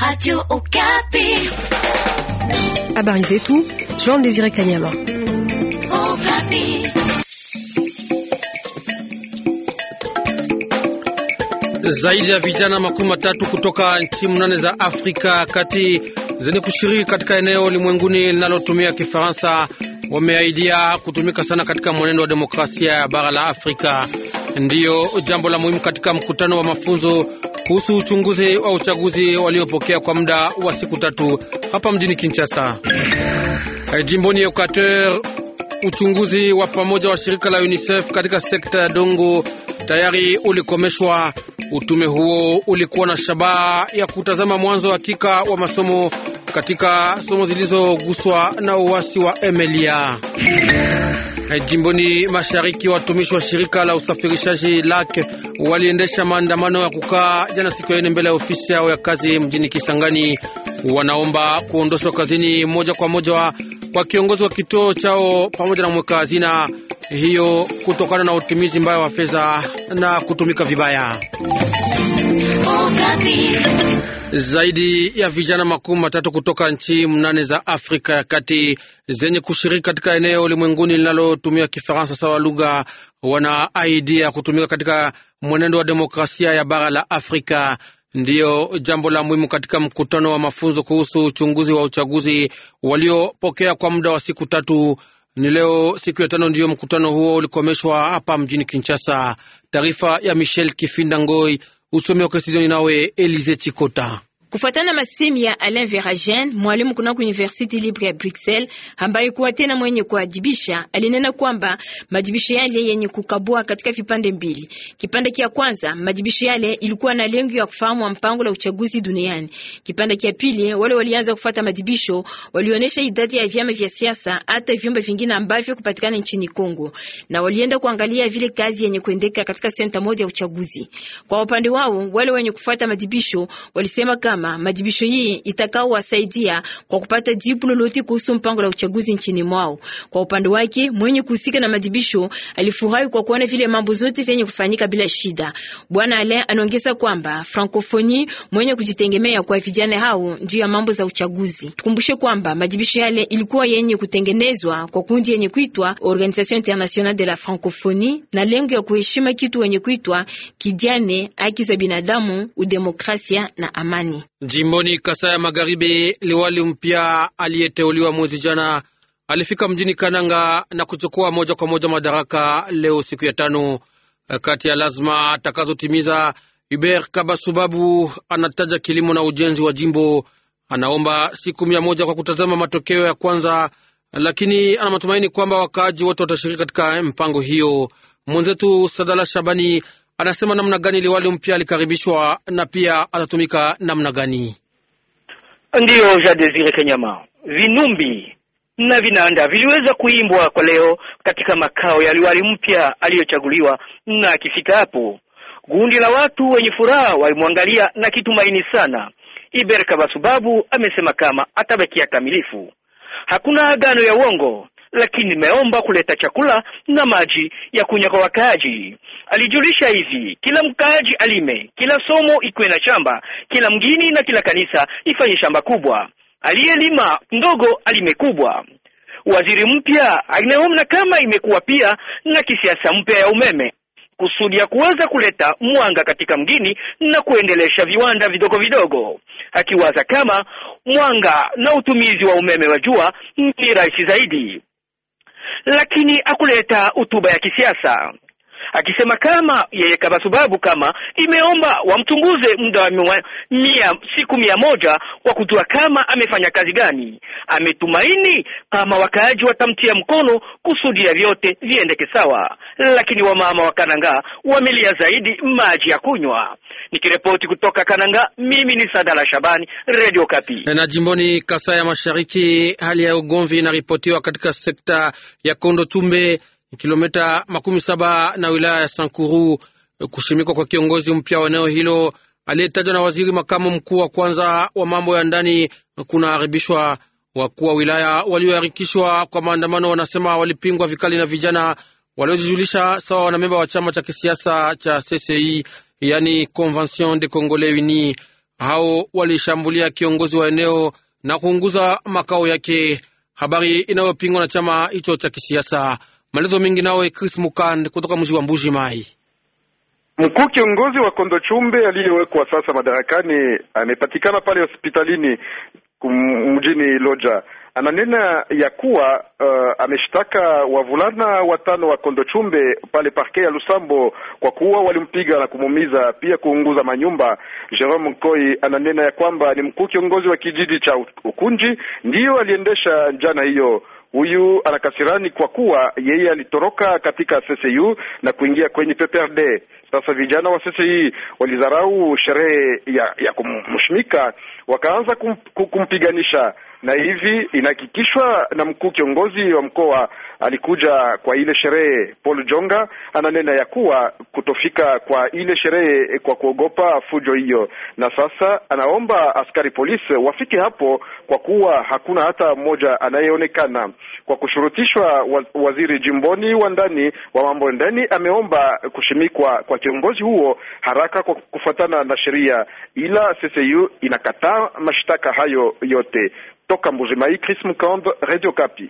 Radio Okapi. Habari zetu Jean Desire Kanyama. Okapi. Zaidi ya vijana makumi matatu kutoka nchi mnane za Afrika kati zenye kushiriki katika eneo limwenguni linalotumia Kifaransa wameahidia kutumika sana katika mwenendo wa demokrasia ya bara la Afrika. Ndiyo jambo la muhimu katika mkutano wa mafunzo kuhusu uchunguzi wa uchaguzi waliopokea kwa muda wa siku tatu hapa mjini Kinshasa. Eh, jimboni Equateur, uchunguzi wa pamoja wa shirika la UNICEF katika sekta ya dongo tayari ulikomeshwa. Utume huo ulikuwa na shabaha ya kutazama mwanzo hakika wa masomo katika somo zilizoguswa na uwasi wa Emelia. Eh, jimboni mashariki watumishi wa shirika la usafirishaji LAK waliendesha maandamano ya kukaa jana siku ya ine mbele ya ofisi yao ya kazi mjini Kisangani. Wanaomba kuondoshwa kazini moja kwa moja kwa kiongozi wa kituo chao pamoja na mweka hazina hiyo kutokana na utumizi mbaya wa fedha na kutumika vibaya. Zaidi ya vijana makumi matatu kutoka nchi mnane za Afrika ya Kati zenye kushiriki katika eneo limwenguni linalotumia Kifaransa sawa lugha wana aidia ya kutumika katika mwenendo wa demokrasia ya bara la Afrika. Ndiyo jambo la muhimu katika mkutano wa mafunzo kuhusu uchunguzi wa uchaguzi waliopokea kwa muda wa siku tatu. Ni leo siku ya tano ndiyo mkutano huo ulikomeshwa hapa mjini Kinshasa. Taarifa ya Michel Kifinda Ngoi Usomi wake studioni nawe Elize Chikota. Kufuatana masemi ya Alain Veragen, mwalimu kunako University Libre ya Bruxelles, ambaye kuwa tena mwenye kuadibisha, alinena kwamba majibisho yale yenye kukabua katika vipande mbili. Kipande kia kwanza, majibisho yale ilikuwa na lengo ya kufahamu mpango la uchaguzi duniani. Kipande kia pili, wale walianza kufuata majibisho walionyesha idadi ya vyama vya siasa hata vyumba vingine ambavyo kupatikana nchini Kongo, na walienda kuangalia vile kazi yenye kuendeka katika senta moja ya uchaguzi. Kwa upande wao, wale wenye kufuata majibisho walisema kama usalama, majibisho hii itakaowasaidia kwa kupata jibu lolote kuhusu mpango la uchaguzi nchini mwao. Kwa upande wake mwenye kuhusika na majibisho alifurahi kwa kuona vile mambo zote zenye kufanyika bila shida. Bwana Alain anaongeza kwamba frankofoni mwenye kujitegemea kwa vijana hao juu ya mambo za uchaguzi. Tukumbushe kwamba majibisho yale ilikuwa yenye kutengenezwa kwa kundi yenye kuitwa Organisation Internationale de la Francophonie na lengo ya kuheshima kitu wenye kuitwa kijane, haki za binadamu, udemokrasia na amani. Jimboni Kasai ya Magharibi, liwali mpya aliyeteuliwa mwezi jana alifika mjini Kananga na kuchukua moja kwa moja madaraka leo siku ya tano. Kati ya lazima atakazotimiza, Hubert Kabasubabu anataja kilimo na ujenzi wa jimbo. Anaomba siku mia moja kwa kutazama matokeo ya kwanza, lakini ana matumaini kwamba wakaaji wote watashiriki katika mpango hiyo. Mwenzetu Sadala Shabani anasema namna gani liwali mpya alikaribishwa na pia atatumika namna gani. Ndiyo, ja Desire Kenyama, vinumbi na vinanda viliweza kuimbwa kwa leo katika makao ya liwali mpya aliyochaguliwa, na akifika hapo kundi la watu wenye furaha walimwangalia na kitumaini sana. Iber Kabasubabu amesema kama atabakia kamilifu, hakuna agano ya uongo lakini nimeomba kuleta chakula na maji ya kunywa kwa wakaaji. Alijulisha hivi, kila mkaaji alime, kila somo ikuwe na shamba, kila mgini na kila kanisa ifanye shamba kubwa, aliyelima ndogo alime kubwa. Waziri mpya na kama imekuwa pia na kisiasa mpya ya umeme kusudi ya kuweza kuleta mwanga katika mgini na kuendelesha viwanda vidogo vidogo, akiwaza kama mwanga na utumizi wa umeme wa jua ni rahisi zaidi lakini hakuleta hotuba ya kisiasa akisema kama yeye kama sababu kama imeomba wamchunguze muda wa mia, siku mia moja kwa kujua kama amefanya kazi gani. Ametumaini kama wakaaji watamtia mkono kusudi ya vyote viendeke sawa, lakini wamama wa Kananga wamelia zaidi maji ya kunywa. Nikiripoti kutoka Kananga, mimi ni Sadala Shabani, Radio Kapi. Na jimboni Kasai ya Mashariki, hali ya ugomvi inaripotiwa katika sekta ya Kondo Tumbe kilomita makumi saba na wilaya ya Sankuru. Eh, Kushimikwa kwa kiongozi mpya wa eneo hilo aliyetajwa na waziri makamu mkuu wa kwanza wa mambo ya ndani kunaharibishwa. Wakuu wa wilaya walioharikishwa kwa maandamano wanasema walipingwa vikali na vijana waliojijulisha sawa wanamemba wa chama cha kisiasa cha CCI, yani Convention de Congolais uni Hao walishambulia kiongozi wa eneo na kuunguza makao yake, habari inayopingwa na chama hicho cha kisiasa. Maelezo mengi nawe Chris Mukand kutoka mji wa Mbuji Mai. Mkuu kiongozi wa Kondo Chumbe aliyewekwa sasa madarakani amepatikana pale hospitalini mjini Loja. Ananena ya kuwa uh, ameshtaka wavulana watano wa Kondo Chumbe pale parke ya Lusambo kwa kuwa walimpiga na kumumiza, pia kuunguza manyumba. Jerome Mkoi ananena ya kwamba ni mkuu kiongozi wa kijiji cha Ukunji ndiyo aliendesha njana hiyo. Huyu anakasirani kwa kuwa yeye alitoroka katika CCU na kuingia kwenye PPRD. Sasa vijana wa ccu walidharau sherehe ya, ya kumshimika, wakaanza kum, kumpiganisha na hivi inahakikishwa na mkuu kiongozi wa mkoa alikuja kwa ile sherehe. Paul Jonga ananena ya kuwa kutofika kwa ile sherehe kwa kuogopa fujo hiyo, na sasa anaomba askari polisi wafike hapo kwa kuwa hakuna hata mmoja anayeonekana kwa kushurutishwa waziri jimboni wa ndani wa mambo ya ndani ameomba kushimikwa kwa kiongozi huo haraka kwa kufuatana na sheria, ila CCU inakataa mashtaka hayo yote. Toka mbuzimai Chris Mkamb, Radio Kapi.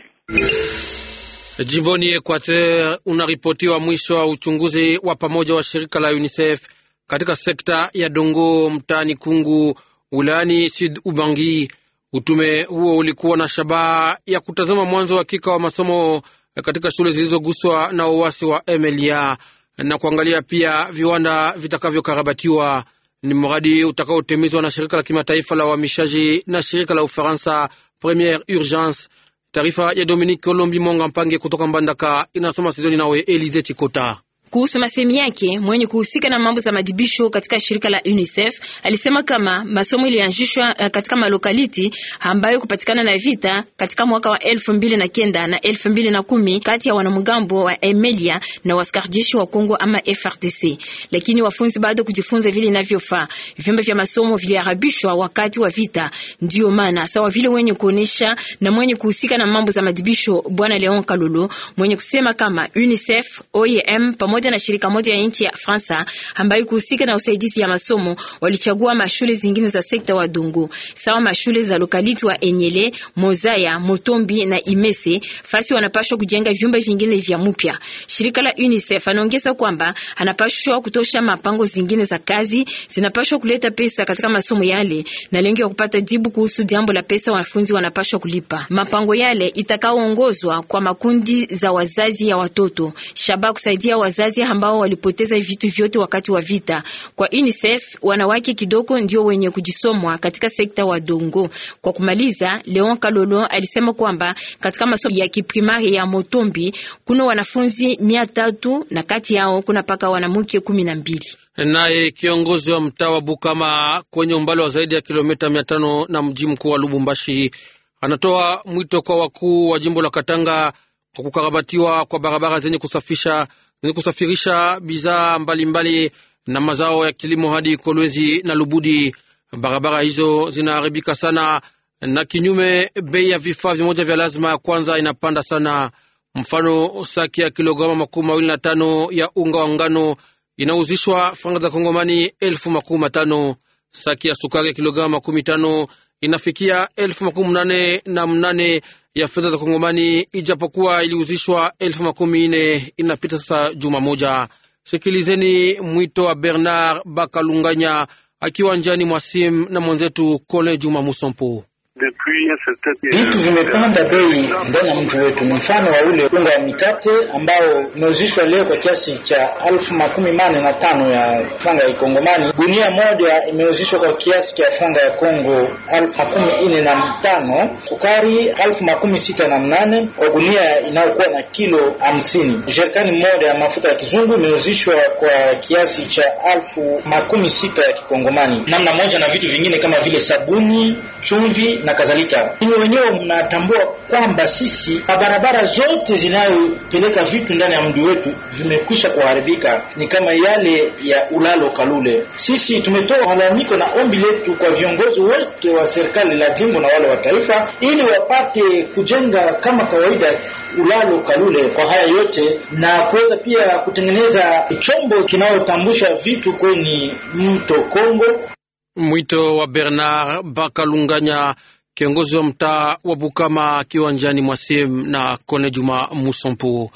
Jimboni Equateur unaripotiwa mwisho wa uchunguzi wa pamoja wa shirika la UNICEF katika sekta ya Dongo mtaani Kungu wilayani Sud Ubangi. Utume huo ulikuwa na shabaha ya kutazama mwanzo hakika wa masomo katika shule zilizoguswa na uwasi wa Emilia na kuangalia pia viwanda vitakavyokarabatiwa. Ni mradi utakaotimizwa na shirika la kimataifa la uhamishaji na shirika la Ufaransa Premiere Urgence. Taarifa ya Dominique Olombi Monga Mpange kutoka Mbandaka inasoma Sidoni nawe Elize Chikota. Kuhusu masemi yake, mwenye kuhusika na mambo za majibisho katika shirika la UNICEF alisema kama masomo ilianzishwa eh, katika malokaliti ambayo kupatikana na vita katika mwaka wa elfu mbili na kenda na elfu mbili na kumi kati ya wanamgambo wa Emelia na waskarjeshi wa Kongo ama FRDC, lakini wafunzi bado kujifunza vile inavyofaa. Vyombo vya masomo viliharibishwa wakati wa vita, ndio maana sawa vile wenye kuonesha na mwenye kuhusika na mambo za majibisho Bwana Leon Kalulu mwenye kusema kama UNICEF, OIM e pamoja pamoja na shirika moja ya nchi ya Fransa ambayo kuhusika na usaidizi ya masomo walichagua mashule zingine za sekta wa Dungu sawa mashule za lokaliti wa Enyele, Mozaya, Motombi na Imese fasi wanapashwa kujenga vyumba vingine vya mupya. Shirika la UNICEF anaongeza kwamba anapashwa kutosha mapango zingine za kazi zinapashwa kuleta pesa katika masomo yale na lengo ya kupata jibu kuhusu jambo la pesa wanafunzi wanapashwa kulipa. Mapango yale itakaoongozwa kwa makundi za wazazi ya watoto Shaba kusaidia wazazi wazazi ambao walipoteza vitu vyote wakati wa vita. Kwa UNICEF wanawake kidogo ndio wenye kujisomwa katika sekta wa Dongo. Kwa kumaliza, Leon Kalolo alisema kwamba katika masomo ya kiprimari ya Motombi kuna wanafunzi mia tatu na kati yao kuna paka wanamuke kumi na mbili. Naye kiongozi wa mtaa wa Bukama kwenye umbali wa zaidi ya kilomita mia tano na mji mkuu wa Lubumbashi anatoa mwito kwa wakuu wa jimbo la Katanga kwa kukarabatiwa kwa barabara zenye kusafisha ni kusafirisha bidhaa mbalimbali na mazao ya kilimo hadi Kolwezi na Lubudi. Barabara hizo zinaharibika sana, na kinyume, bei ya vifaa vimoja vya lazima ya kwanza inapanda sana. Mfano, saki ya kilograma makumi mawili na tano ya unga wa ngano inauzishwa franga za Kongomani elfu makumi matano. Saki ya sukari ya kilograma makumi tano inafikia elfu makumi mnane na mnane ya fedha za Kongomani, ijapokuwa ilihuzishwa elfu makumi nne inapita sasa juma moja. Sikilizeni mwito wa Bernard Bakalunganya akiwa njiani mwasim na mwenzetu Kole Juma Musompo. Vitu vimepanda bei ndani ya mji wetu. Ni mfano wa ule unga wa mikate ambao umeuzishwa leo kwa kiasi cha alfu makumi mane na tano ya franga ya Kongomani. Gunia moja imeuzishwa kwa kiasi cha franga ya Kongo alfu makumi ine na tano. Sukari alfu makumi sita na mnane kwa gunia inayokuwa na kilo hamsini. Jerikani moja ya mafuta ya kizungu imeuzishwa kwa kiasi cha alfu makumi sita ya kikongomani, namna moja na vitu vingine kama vile sabuni, chumvi na kadhalika. Hiyo wenyewe mnatambua kwamba sisi barabara zote zinayopeleka vitu ndani ya mji wetu vimekwisha kuharibika, ni kama yale ya ulalo Kalule. Sisi tumetoa malalamiko na ombi letu kwa viongozi wote wa serikali la jimbo na wale wa taifa, ili wapate kujenga kama kawaida ulalo Kalule kwa haya yote, na kuweza pia kutengeneza chombo kinayotambusha vitu kwenye mto Kongo. Mwito wa Bernard Bakalunganya kiongozi wa mtaa wa Bukama kiwanjani mwa na Kone Juma Musompu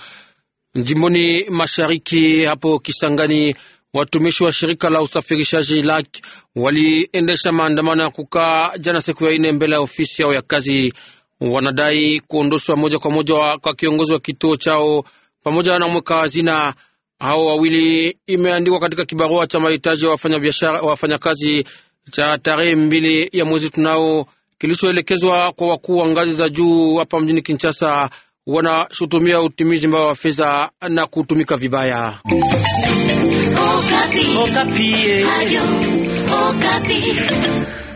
jimboni mashariki hapo Kisangani. Watumishi wa shirika la usafirishaji LAK waliendesha maandamano ya kukaa jana siku ya ine mbele ya ofisi yao ya kazi. Wanadai kuondoshwa moja kwa moja kwa kiongozi wa kituo chao pamoja na mweka hazina hao wawili. Imeandikwa katika kibarua cha mahitaji ya wafanyakazi cha tarehe mbili ya mwezi tunao kilichoelekezwa kwa wakuu wa ngazi za juu hapa mjini Kinshasa wanashutumia utimizi mbaya wa fedha na kutumika vibaya. Okapi. Okapi. Eh.